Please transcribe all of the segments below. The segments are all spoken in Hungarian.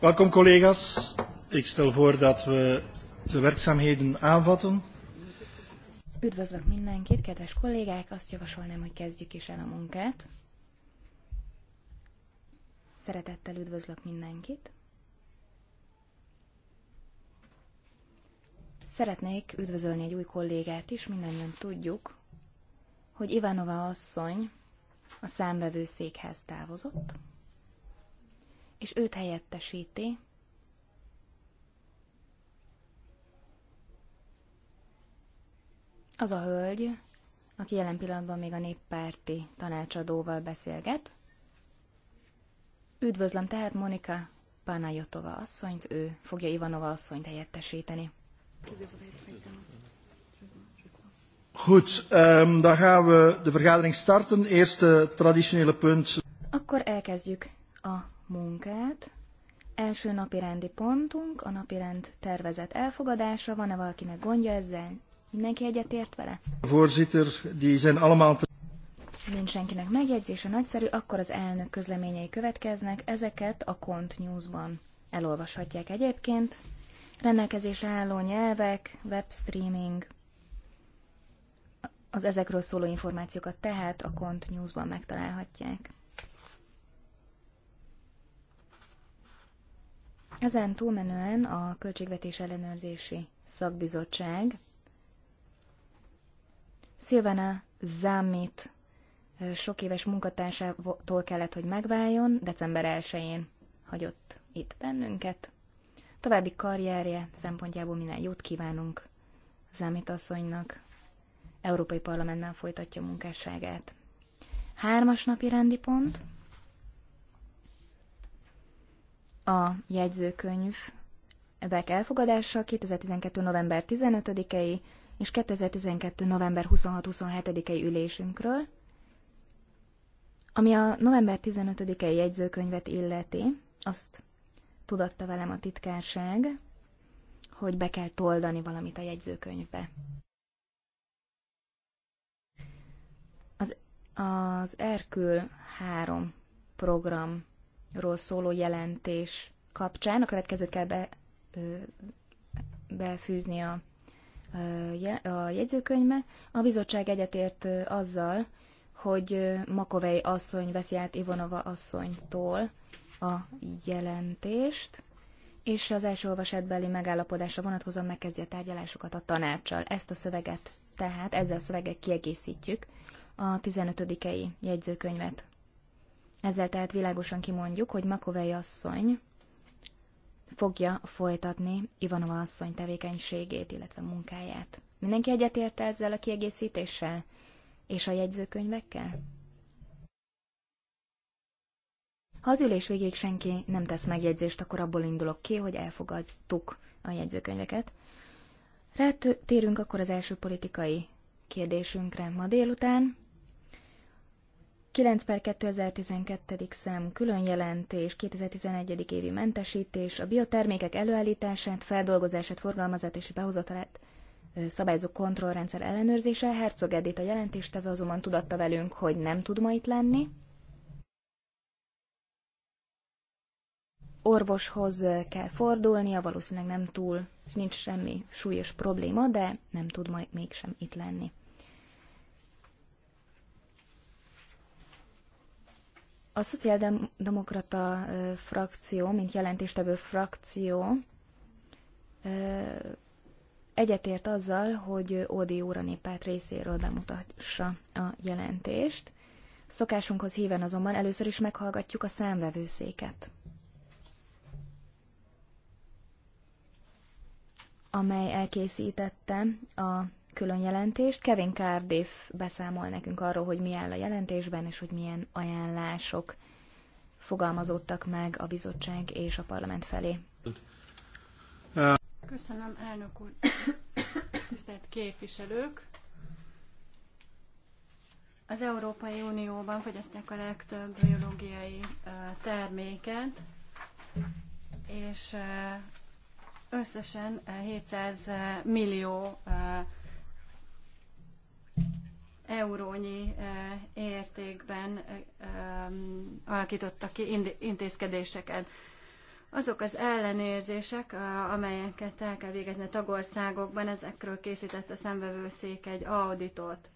Welkom collega's. Ik stel voor dat we de werkzaamheden aanvatten. Üdvözlök mindenkit, kedves kollégák! Azt javasolnám, hogy kezdjük is el a munkát. Szeretettel üdvözlök mindenkit. Szeretnék üdvözölni egy új kollégát is, mindannyian tudjuk, hogy Ivanova asszony a számvevőszékhez távozott és őt helyettesíti. Az a hölgy, aki jelen pillanatban még a néppárti tanácsadóval beszélget. Üdvözlöm tehát Monika Panajotova asszonyt, ő fogja Ivanova asszonyt helyettesíteni. Goed, um, dan gaan we de vergadering starten. Eerste traditionele punt. Akkor elkezdjük a munkát. Első napi rendi pontunk, a napi rend tervezett elfogadása. Van-e valakinek gondja ezzel? Mindenki egyetért vele? Voorzitter, die zijn allemaal... Nincs senkinek megjegyzése nagyszerű, akkor az elnök közleményei következnek, ezeket a Kont News-ban elolvashatják egyébként. Rendelkezésre álló nyelvek, webstreaming, az ezekről szóló információkat tehát a Kont News-ban megtalálhatják. Ezen túlmenően a Költségvetés Ellenőrzési Szakbizottság Szilvana Zámit sok éves munkatársától kellett, hogy megváljon, december 1-én hagyott itt bennünket. További karrierje szempontjából minden jót kívánunk Zámit asszonynak. Európai Parlamentben folytatja munkásságát. Hármas napi rendi pont – a jegyzőkönyvek elfogadása 2012. november 15-ei és 2012. november 26-27-ei ülésünkről, ami a november 15-ei jegyzőkönyvet illeti, azt tudatta velem a titkárság, hogy be kell toldani valamit a jegyzőkönyvbe. Az, az Erkül 3 program ról szóló jelentés kapcsán. A következőt kell be, ö, befűzni a, a jegyzőkönyvbe. A bizottság egyetért azzal, hogy Makovei asszony veszi át Ivonova asszonytól a jelentést, és az első olvasatbeli megállapodásra vonatkozóan megkezdi a tárgyalásokat a tanácssal. Ezt a szöveget, tehát ezzel a szöveget kiegészítjük a 15 i jegyzőkönyvet. Ezzel tehát világosan kimondjuk, hogy Makovei asszony fogja folytatni Ivanova asszony tevékenységét, illetve munkáját. Mindenki egyetérte ezzel a kiegészítéssel? És a jegyzőkönyvekkel? Ha az ülés végéig senki nem tesz megjegyzést, akkor abból indulok ki, hogy elfogadtuk a jegyzőkönyveket. Rátérünk akkor az első politikai kérdésünkre ma délután. 9 per 2012. szám külön jelentés, 2011. évi mentesítés, a biotermékek előállítását, feldolgozását, forgalmazását és behozatalát szabályozó kontrollrendszer ellenőrzése. Herzog Edith a jelentéstevő azonban tudatta velünk, hogy nem tud ma itt lenni. Orvoshoz kell fordulnia, valószínűleg nem túl, és nincs semmi súlyos probléma, de nem tud majd mégsem itt lenni. A szociáldemokrata frakció, mint jelentéstevő frakció egyetért azzal, hogy Ódi úr a néppárt részéről bemutassa a jelentést. Szokásunkhoz híven azonban először is meghallgatjuk a számvevőszéket, amely elkészítette a külön jelentést. Kevin Cardiff beszámol nekünk arról, hogy mi áll a jelentésben, és hogy milyen ajánlások fogalmazódtak meg a bizottság és a parlament felé. Köszönöm, elnök úr. Tisztelt képviselők! Az Európai Unióban fogyasztják a legtöbb biológiai terméket, és összesen 700 millió eurónyi értékben alakítottak ki intézkedéseket. Azok az ellenérzések, amelyeket el kell végezni a tagországokban, ezekről készített a szemvevőszék egy auditot.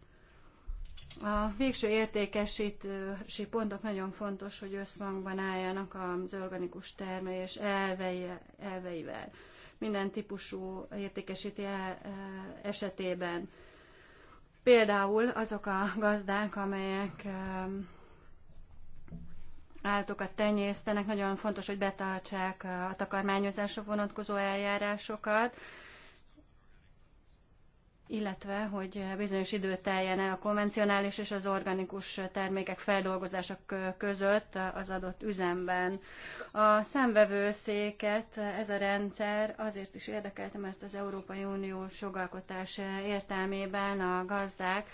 A végső értékesítési pontok nagyon fontos, hogy összhangban álljanak az organikus termelés elvei, elveivel. Minden típusú értékesíti esetében Például azok a gazdák, amelyek állatokat tenyésztenek, nagyon fontos, hogy betartsák a takarmányozásra vonatkozó eljárásokat, illetve hogy bizonyos idő teljen el a konvencionális és az organikus termékek feldolgozások között az adott üzemben. A számvevőszéket ez a rendszer azért is érdekelte, mert az Európai Uniós jogalkotás értelmében a gazdák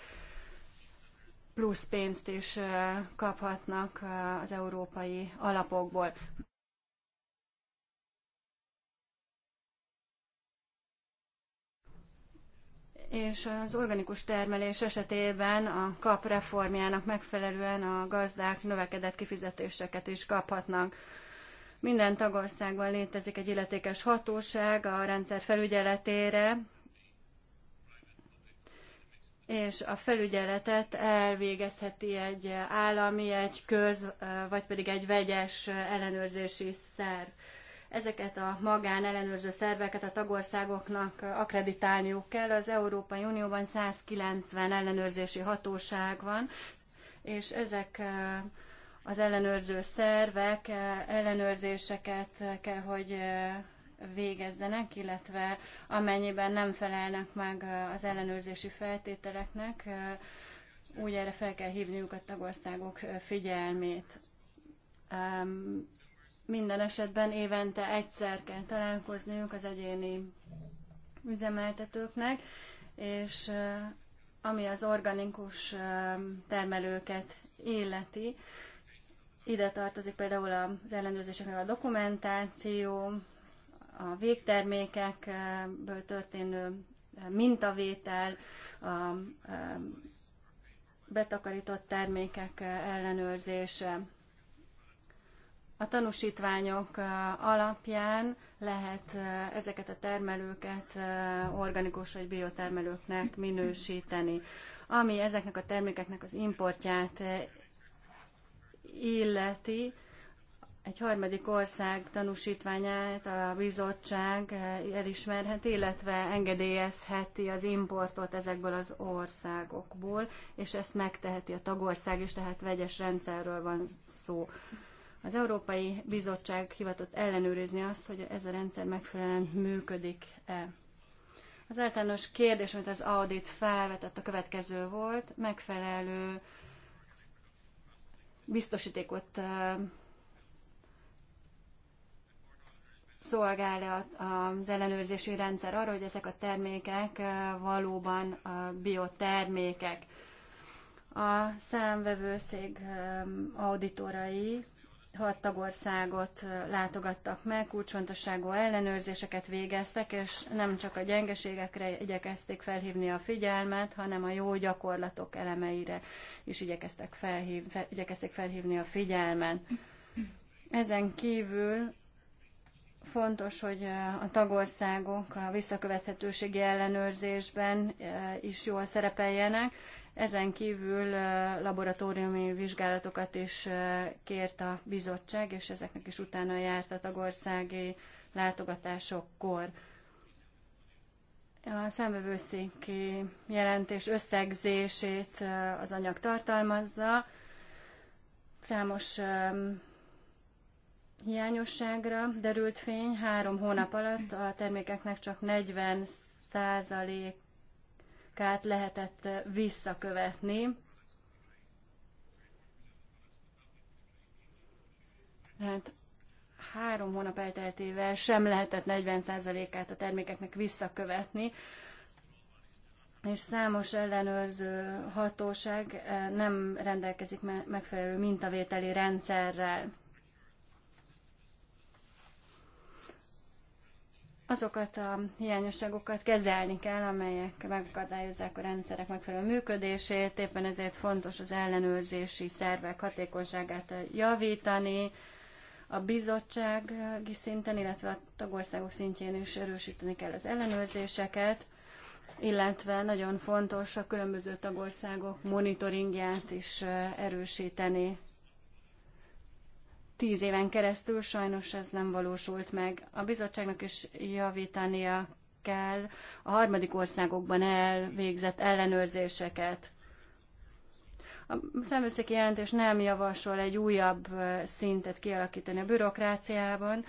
plusz pénzt is kaphatnak az európai alapokból. és az organikus termelés esetében a kap reformjának megfelelően a gazdák növekedett kifizetéseket is kaphatnak. Minden tagországban létezik egy illetékes hatóság a rendszer felügyeletére, és a felügyeletet elvégezheti egy állami, egy köz, vagy pedig egy vegyes ellenőrzési szerv ezeket a magán ellenőrző szerveket a tagországoknak akreditálniuk kell. Az Európai Unióban 190 ellenőrzési hatóság van, és ezek eh, az ellenőrző szervek eh, ellenőrzéseket kell, hogy eh, végezzenek, illetve amennyiben nem felelnek meg az ellenőrzési feltételeknek, úgy erre fel kell hívniuk a tagországok figyelmét minden esetben évente egyszer kell találkozniuk az egyéni üzemeltetőknek, és ami az organikus termelőket illeti, ide tartozik például az ellenőrzéseknek a dokumentáció, a végtermékekből történő mintavétel, a betakarított termékek ellenőrzése. A tanúsítványok alapján lehet ezeket a termelőket organikus vagy biotermelőknek minősíteni. Ami ezeknek a termékeknek az importját illeti, egy harmadik ország tanúsítványát a bizottság elismerhet, illetve engedélyezheti az importot ezekből az országokból, és ezt megteheti a tagország is, tehát vegyes rendszerről van szó. Az Európai Bizottság hivatott ellenőrizni azt, hogy ez a rendszer megfelelően működik-e. Az általános kérdés, amit az audit felvetett, a következő volt, megfelelő biztosítékot szolgál az ellenőrzési rendszer arra, hogy ezek a termékek valóban biotermékek. A számvevőszék auditorai hat tagországot látogattak meg, kulcsfontosságú ellenőrzéseket végeztek, és nem csak a gyengeségekre igyekezték felhívni a figyelmet, hanem a jó gyakorlatok elemeire is igyekeztek, felhív, fel, igyekezték felhívni a figyelmet. Ezen kívül fontos, hogy a tagországok a visszakövethetőségi ellenőrzésben is jól szerepeljenek, ezen kívül laboratóriumi vizsgálatokat is kért a bizottság, és ezeknek is utána járt a tagországi látogatásokkor. A számvevőszéki jelentés összegzését az anyag tartalmazza, számos hiányosságra derült fény, három hónap alatt a termékeknek csak 40 százalék kárt lehetett visszakövetni. Hát három hónap elteltével sem lehetett 40%-át a termékeknek visszakövetni, és számos ellenőrző hatóság eh, nem rendelkezik megfelelő mintavételi rendszerrel. azokat a hiányosságokat kezelni kell, amelyek megakadályozzák a rendszerek megfelelő működését, éppen ezért fontos az ellenőrzési szervek hatékonyságát javítani, a bizottsági szinten, illetve a tagországok szintjén is erősíteni kell az ellenőrzéseket, illetve nagyon fontos a különböző tagországok monitoringját is erősíteni tíz éven keresztül sajnos ez nem valósult meg. A bizottságnak is javítania kell a harmadik országokban elvégzett ellenőrzéseket. A szemőszéki jelentés nem javasol egy újabb szintet kialakítani a bürokráciában,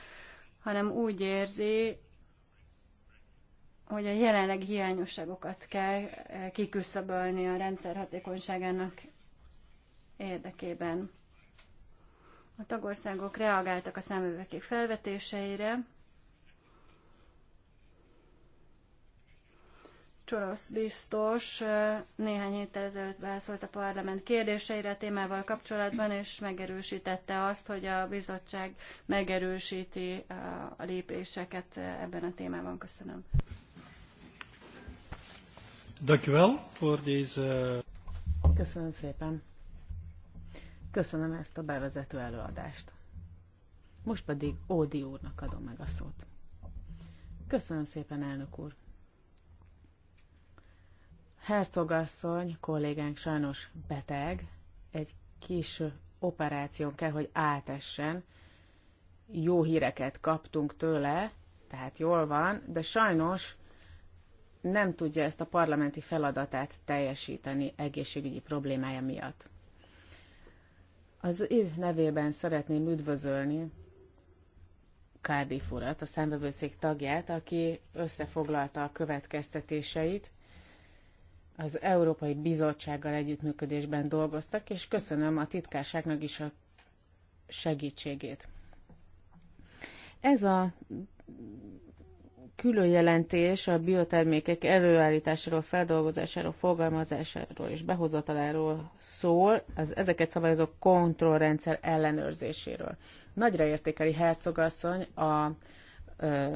hanem úgy érzi, hogy a jelenleg hiányosságokat kell eh, kiküszöbölni a rendszer hatékonyságának érdekében. A tagországok reagáltak a számövőkék felvetéseire. Csorosz biztos néhány héttel ezelőtt válaszolt a parlament kérdéseire a témával kapcsolatban, és megerősítette azt, hogy a bizottság megerősíti a lépéseket ebben a témában. Köszönöm. Köszönöm szépen Köszönöm ezt a bevezető előadást. Most pedig Ódi úrnak adom meg a szót. Köszönöm szépen, elnök úr. Hercogasszony, kollégánk sajnos beteg, egy kis operáción kell, hogy átessen. Jó híreket kaptunk tőle, tehát jól van, de sajnos nem tudja ezt a parlamenti feladatát teljesíteni egészségügyi problémája miatt. Az ő nevében szeretném üdvözölni Cardiff urat, a számvevőszék tagját, aki összefoglalta a következtetéseit. Az Európai Bizottsággal együttműködésben dolgoztak, és köszönöm a titkárságnak is a segítségét. Ez a külön jelentés a biotermékek előállításáról, feldolgozásáról, forgalmazásáról és behozataláról szól, az ezeket szabályozó kontrollrendszer ellenőrzéséről. Nagyra értékeli Hercogasszony a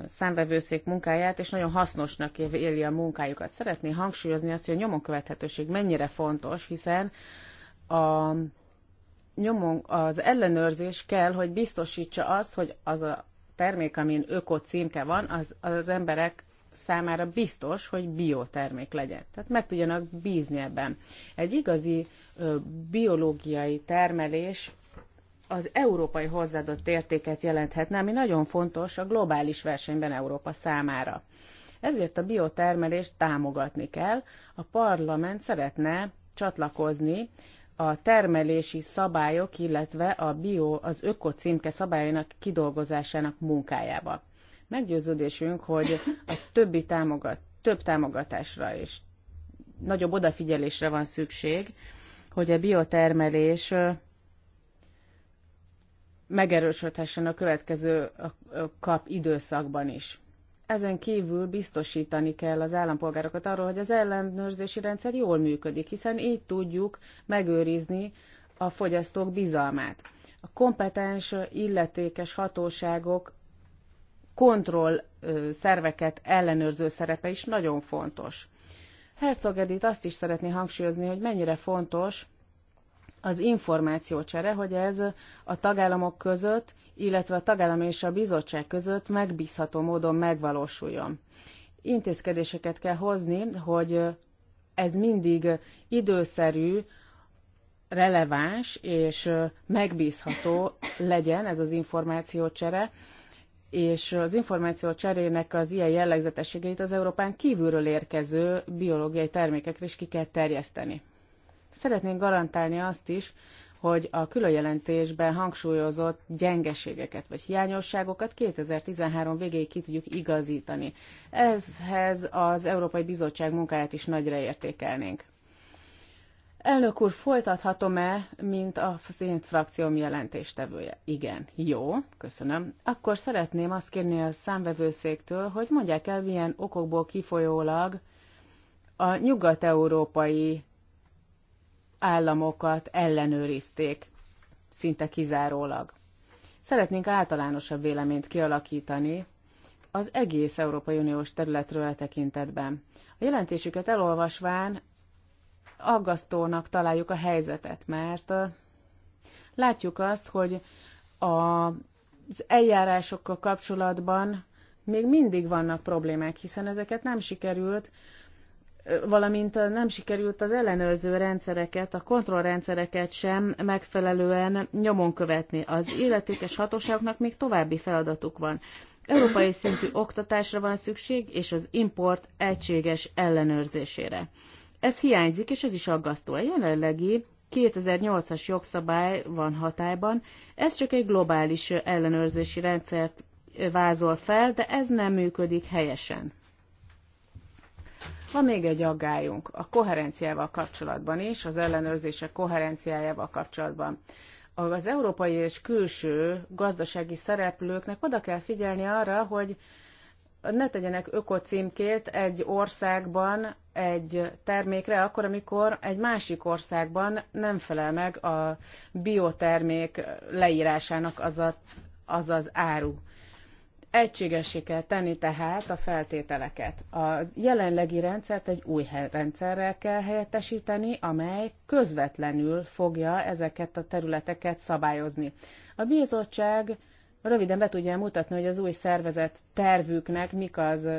számvevőszék munkáját, és nagyon hasznosnak éli a munkájukat. Szeretné hangsúlyozni azt, hogy a nyomon követhetőség mennyire fontos, hiszen a nyomon, az ellenőrzés kell, hogy biztosítsa azt, hogy az a termék, amin öko címke van, az, az az emberek számára biztos, hogy biotermék legyen. Tehát meg tudjanak bízni ebben. Egy igazi ö, biológiai termelés az európai hozzáadott értéket jelenthetne, ami nagyon fontos a globális versenyben Európa számára. Ezért a biotermelést támogatni kell. A parlament szeretne csatlakozni a termelési szabályok, illetve a bio, az öko címke szabályainak kidolgozásának munkájába. Meggyőződésünk, hogy a többi támogat, több támogatásra és nagyobb odafigyelésre van szükség, hogy a biotermelés megerősödhessen a következő kap időszakban is. Ezen kívül biztosítani kell az állampolgárokat arról, hogy az ellenőrzési rendszer jól működik, hiszen így tudjuk megőrizni a fogyasztók bizalmát. A kompetens, illetékes hatóságok kontroll szerveket ellenőrző szerepe is nagyon fontos. Herzog Edith azt is szeretné hangsúlyozni, hogy mennyire fontos az információcsere, hogy ez a tagállamok között illetve a tagállam és a bizottság között megbízható módon megvalósuljon. Intézkedéseket kell hozni, hogy ez mindig időszerű, releváns és megbízható legyen ez az információcsere, és az információ cserének az ilyen jellegzetességeit az Európán kívülről érkező biológiai termékekre is ki kell terjeszteni. Szeretnénk garantálni azt is, hogy a különjelentésben hangsúlyozott gyengeségeket vagy hiányosságokat 2013 végéig ki tudjuk igazítani. Ezhez az Európai Bizottság munkáját is nagyra értékelnénk. Elnök úr, folytathatom-e, mint a én frakcióm jelentéstevője? Igen. Jó, köszönöm. Akkor szeretném azt kérni a számvevőszéktől, hogy mondják el, milyen okokból kifolyólag a nyugat-európai államokat ellenőrizték, szinte kizárólag. Szeretnénk általánosabb véleményt kialakítani az egész Európai Uniós területről a tekintetben. A jelentésüket elolvasván aggasztónak találjuk a helyzetet, mert látjuk azt, hogy a, az eljárásokkal kapcsolatban még mindig vannak problémák, hiszen ezeket nem sikerült valamint nem sikerült az ellenőrző rendszereket, a kontrollrendszereket sem megfelelően nyomon követni. Az illetékes hatóságoknak még további feladatuk van. Európai szintű oktatásra van szükség, és az import egységes ellenőrzésére. Ez hiányzik, és ez is aggasztó. A jelenlegi 2008-as jogszabály van hatályban, ez csak egy globális ellenőrzési rendszert vázol fel, de ez nem működik helyesen. Van még egy aggályunk a koherenciával kapcsolatban is, az ellenőrzések koherenciájával kapcsolatban. Az európai és külső gazdasági szereplőknek oda kell figyelni arra, hogy ne tegyenek ökocímkét egy országban egy termékre, akkor, amikor egy másik országban nem felel meg a biotermék leírásának az a, az, az áru. Egységessé kell tenni tehát a feltételeket. A jelenlegi rendszert egy új rendszerrel kell helyettesíteni, amely közvetlenül fogja ezeket a területeket szabályozni. A bizottság röviden be tudja mutatni, hogy az új szervezet tervüknek mik az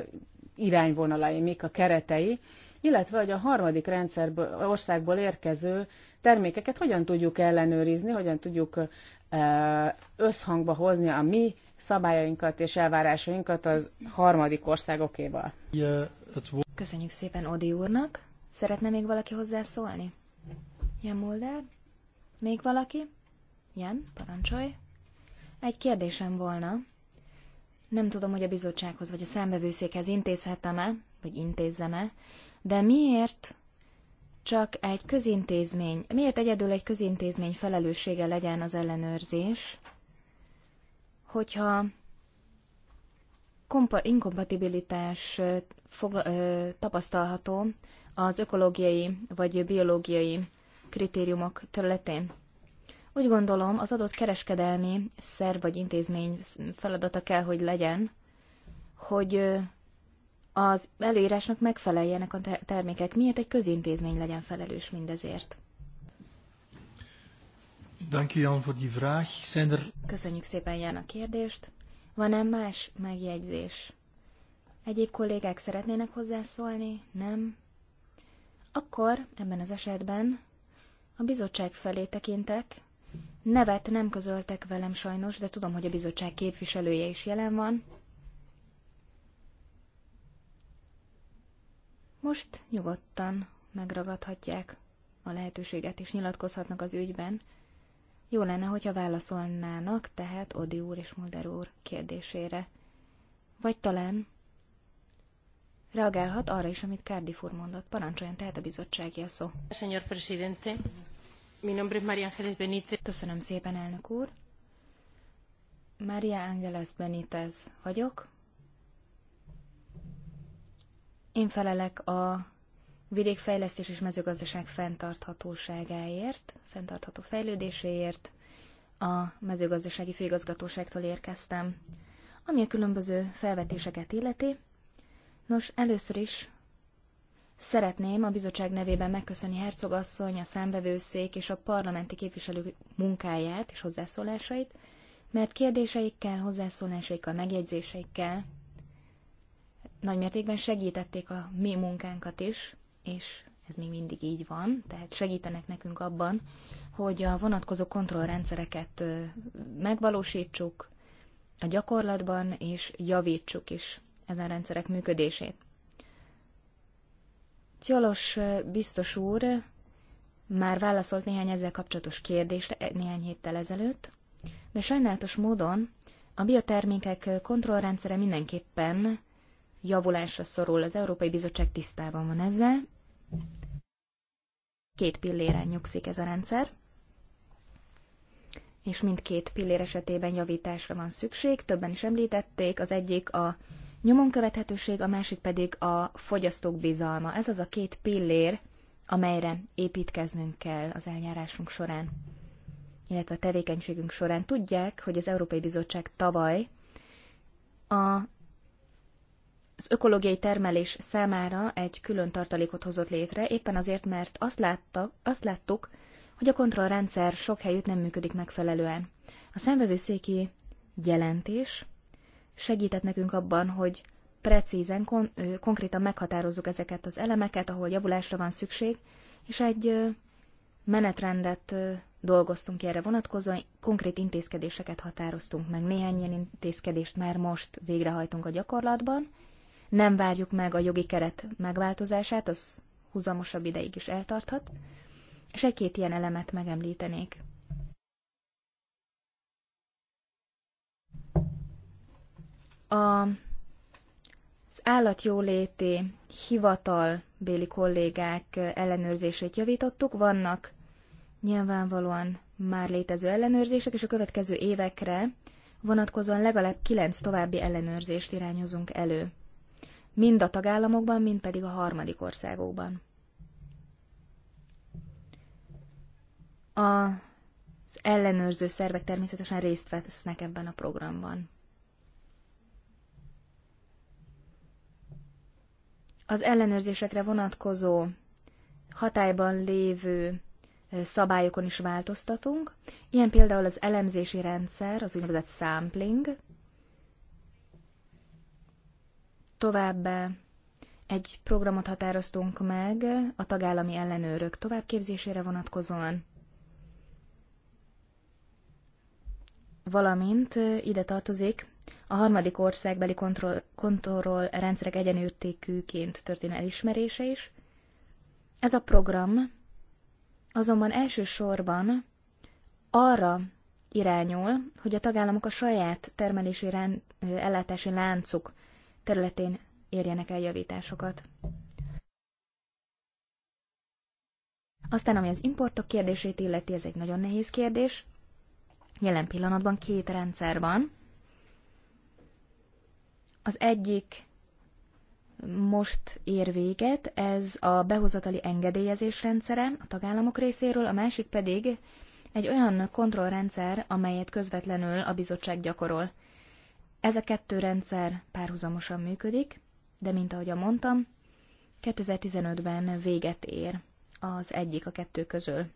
irányvonalai, mik a keretei, illetve hogy a harmadik rendszerből, országból érkező termékeket hogyan tudjuk ellenőrizni, hogyan tudjuk összhangba hozni a mi szabályainkat és elvárásainkat az harmadik országokéval. Köszönjük szépen Odi úrnak. Szeretne még valaki hozzászólni? Jan Mulder? Még valaki? Jan, parancsolj. Egy kérdésem volna. Nem tudom, hogy a bizottsághoz vagy a számbevőszékhez intézhetem-e, vagy intézzem-e, de miért csak egy közintézmény, miért egyedül egy közintézmény felelőssége legyen az ellenőrzés, hogyha kompa, inkompatibilitás ö, tapasztalható az ökológiai vagy biológiai kritériumok területén. Úgy gondolom, az adott kereskedelmi szerv vagy intézmény feladata kell, hogy legyen, hogy az előírásnak megfeleljenek a termékek, miért egy közintézmény legyen felelős mindezért. Dank Jan voor die vraag. Zijn er... Köszönjük szépen Jan a kérdést. Van-e más megjegyzés? Egyéb kollégák szeretnének hozzászólni? Nem? Akkor ebben az esetben a bizottság felé tekintek. Nevet nem közöltek velem sajnos, de tudom, hogy a bizottság képviselője is jelen van. Most nyugodtan megragadhatják a lehetőséget, és nyilatkozhatnak az ügyben. Jó lenne, hogyha válaszolnának, tehát Odi úr és Mulder úr kérdésére. Vagy talán reagálhat arra is, amit Cardiff úr mondott. Parancsoljon tehát a bizottsági a szó. Señor presidente, mi nombre es María Ángeles Benítez. Köszönöm szépen, elnök úr. Maria Ángeles Benítez vagyok. Én felelek a vidékfejlesztés és mezőgazdaság fenntarthatóságáért, fenntartható fejlődéséért a mezőgazdasági főigazgatóságtól érkeztem, ami a különböző felvetéseket illeti. Nos, először is szeretném a bizottság nevében megköszönni Herzog asszony, a számbevőszék és a parlamenti képviselők munkáját és hozzászólásait, mert kérdéseikkel, hozzászólásaikkal, megjegyzéseikkel nagymértékben segítették a mi munkánkat is, és ez még mindig így van, tehát segítenek nekünk abban, hogy a vonatkozó kontrollrendszereket megvalósítsuk a gyakorlatban, és javítsuk is ezen rendszerek működését. Ciolos biztos úr már válaszolt néhány ezzel kapcsolatos kérdésre e, néhány héttel ezelőtt, de sajnálatos módon a biotermékek kontrollrendszere mindenképpen javulásra szorul. Az Európai Bizottság tisztában van ezzel, Két pilléren nyugszik ez a rendszer, és mindkét pillér esetében javításra van szükség. Többen is említették, az egyik a nyomon követhetőség, a másik pedig a fogyasztók bizalma. Ez az a két pillér, amelyre építkeznünk kell az eljárásunk során, illetve a tevékenységünk során. Tudják, hogy az Európai Bizottság tavaly a az ökológiai termelés számára egy külön tartalékot hozott létre, éppen azért, mert azt, látta, azt láttuk, hogy a kontrollrendszer sok helyütt nem működik megfelelően. A szemvevőszéki jelentés segített nekünk abban, hogy precízen, kon, ö, konkrétan meghatározzuk ezeket az elemeket, ahol javulásra van szükség, és egy ö, menetrendet ö, dolgoztunk ki erre vonatkozóan, konkrét intézkedéseket határoztunk meg. Néhány ilyen intézkedést már most végrehajtunk a gyakorlatban, nem várjuk meg a jogi keret megváltozását, az huzamosabb ideig is eltarthat, és egy-két ilyen elemet megemlítenék. A az állatjóléti béli kollégák ellenőrzését javítottuk, vannak nyilvánvalóan már létező ellenőrzések, és a következő évekre vonatkozóan legalább kilenc további ellenőrzést irányozunk elő mind a tagállamokban, mind pedig a harmadik országokban. Az ellenőrző szervek természetesen részt vesznek ebben a programban. Az ellenőrzésekre vonatkozó hatályban lévő szabályokon is változtatunk, ilyen például az elemzési rendszer, az úgynevezett sampling, Továbbá egy programot határoztunk meg a tagállami ellenőrök továbbképzésére vonatkozóan, valamint ide tartozik a harmadik országbeli kontroll, kontroll rendszerek egyenértékűként történő elismerése is. Ez a program azonban elsősorban arra irányul, hogy a tagállamok a saját termelési rán, ellátási láncuk területén érjenek el javításokat. Aztán, ami az importok kérdését illeti, ez egy nagyon nehéz kérdés. Jelen pillanatban két rendszer van. Az egyik most ér véget, ez a behozatali engedélyezés rendszere a tagállamok részéről, a másik pedig egy olyan kontrollrendszer, amelyet közvetlenül a bizottság gyakorol. Ez a kettő rendszer párhuzamosan működik, de mint ahogy mondtam, 2015-ben véget ér az egyik a kettő közül.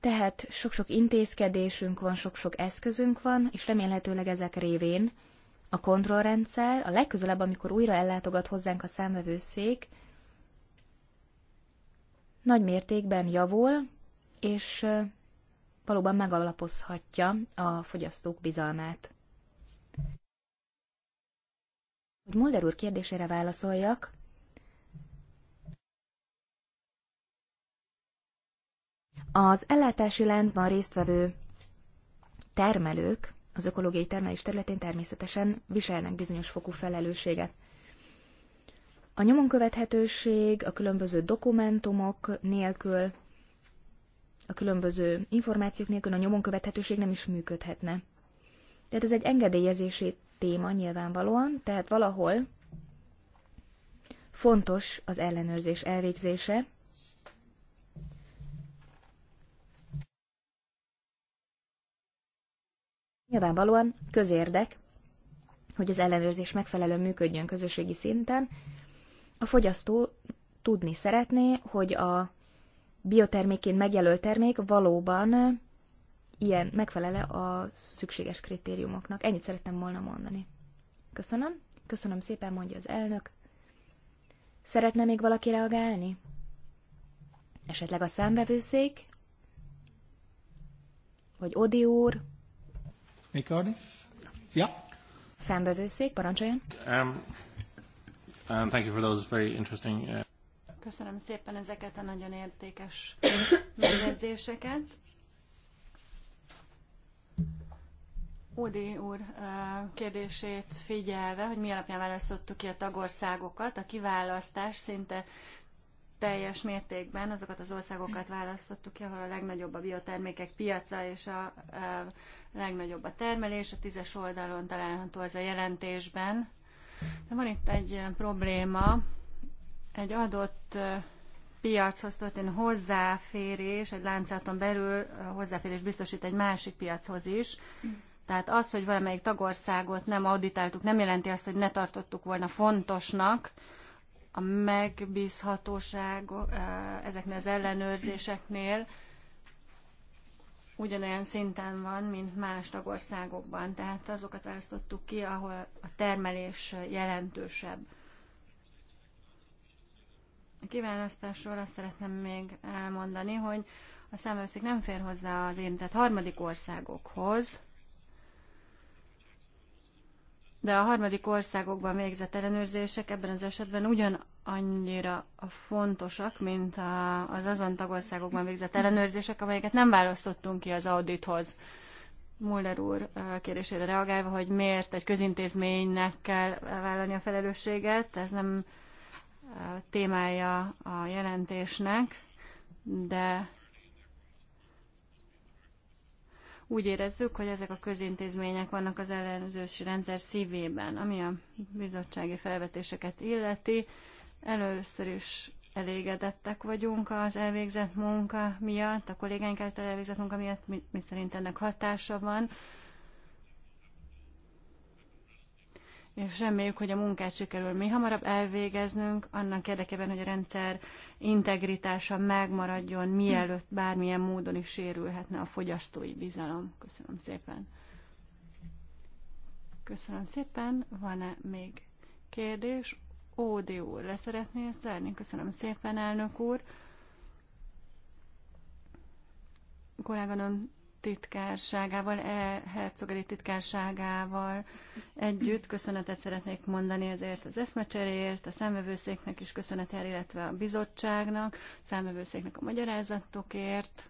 Tehát sok-sok intézkedésünk van, sok-sok eszközünk van, és remélhetőleg ezek révén a kontrollrendszer a legközelebb, amikor újra ellátogat hozzánk a számvevőszék, nagy mértékben javul, és valóban megalapozhatja a fogyasztók bizalmát. Hogy Mulder úr kérdésére válaszoljak, az ellátási láncban résztvevő termelők az ökológiai termelés területén természetesen viselnek bizonyos fokú felelősséget. A nyomon követhetőség, a különböző dokumentumok nélkül a különböző információk nélkül a nyomon követhetőség nem is működhetne. Tehát ez egy engedélyezési téma nyilvánvalóan, tehát valahol fontos az ellenőrzés elvégzése, Nyilvánvalóan közérdek, hogy az ellenőrzés megfelelően működjön közösségi szinten. A fogyasztó tudni szeretné, hogy a biotermékként megjelölt termék valóban ilyen megfelele a szükséges kritériumoknak. Ennyit szerettem volna mondani. Köszönöm. Köszönöm szépen, mondja az elnök. Szeretne még valaki reagálni? Esetleg a számvevőszék? Vagy Odi úr? Ricardi? Ja. Számbevőszék, parancsoljon. Um, um, thank you for those very interesting... Uh... Köszönöm szépen ezeket a nagyon értékes megjegyzéseket. Udi úr kérdését figyelve, hogy mi alapján választottuk ki a tagországokat, a kiválasztás szinte teljes mértékben azokat az országokat választottuk ki, ahol a legnagyobb a biotermékek piaca és a, legnagyobb a termelés. A tízes oldalon található az a jelentésben. De van itt egy probléma, egy adott piachoz történő hozzáférés, egy láncáton belül hozzáférés biztosít egy másik piachoz is. Tehát az, hogy valamelyik tagországot nem auditáltuk, nem jelenti azt, hogy ne tartottuk volna fontosnak a megbízhatóság ezeknél az ellenőrzéseknél ugyanolyan szinten van, mint más tagországokban. Tehát azokat választottuk ki, ahol a termelés jelentősebb. A kiválasztásról azt szeretném még elmondani, hogy a számvőszék nem fér hozzá az érintett harmadik országokhoz, de a harmadik országokban végzett ellenőrzések ebben az esetben ugyanannyira fontosak, mint az azon tagországokban végzett ellenőrzések, amelyeket nem választottunk ki az audithoz. Muller úr kérésére reagálva, hogy miért egy közintézménynek kell vállalni a felelősséget, ez nem témája a jelentésnek, de úgy érezzük, hogy ezek a közintézmények vannak az ellenőrzési rendszer szívében, ami a bizottsági felvetéseket illeti. Először is elégedettek vagyunk az elvégzett munka miatt, a kollégáink által elvégzett munka miatt, mi, mi szerint ennek hatása van és reméljük, hogy a munkát sikerül mi hamarabb elvégeznünk, annak érdekében, hogy a rendszer integritása megmaradjon, mielőtt bármilyen módon is sérülhetne a fogyasztói bizalom. Köszönöm szépen. Köszönöm szépen. Van-e még kérdés? Ódi úr, le szeretné Köszönöm szépen, elnök úr. Kolléganom titkárságával, E. Hercogeri titkárságával együtt köszönetet szeretnék mondani ezért az eszmecseréért, a számvevőszéknek is köszönetel, illetve a bizottságnak, a számvevőszéknek a magyarázatokért.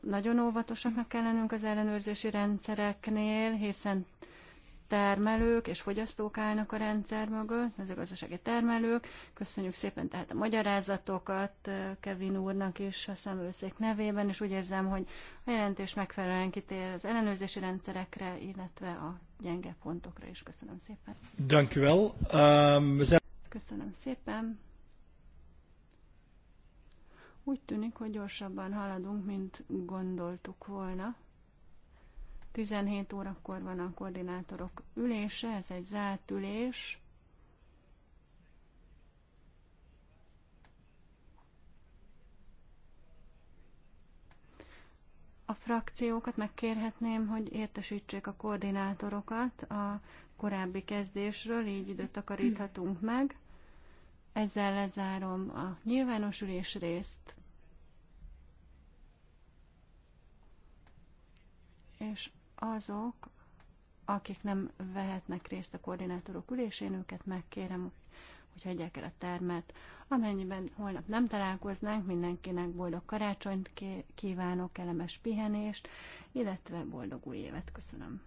Nagyon óvatosaknak kell lennünk az ellenőrzési rendszereknél, hiszen termelők és fogyasztók állnak a rendszer mögött, gazdasági termelők. Köszönjük szépen tehát a magyarázatokat eh, Kevin úrnak is a szemőszék nevében, és úgy érzem, hogy a jelentés megfelelően kitér az ellenőrzési rendszerekre, illetve a gyenge pontokra is. Köszönöm szépen. Ehm, Köszönöm szépen. Úgy tűnik, hogy gyorsabban haladunk, mint gondoltuk volna. 17 órakor van a koordinátorok ülése, ez egy zárt ülés. A frakciókat megkérhetném, hogy értesítsék a koordinátorokat a korábbi kezdésről, így időt takaríthatunk meg. Ezzel lezárom a nyilvános ülés részt. azok, akik nem vehetnek részt a koordinátorok ülésén, őket megkérem, hogy hagyják el a termet. Amennyiben holnap nem találkoznánk, mindenkinek boldog karácsonyt kívánok, kellemes pihenést, illetve boldog új évet köszönöm.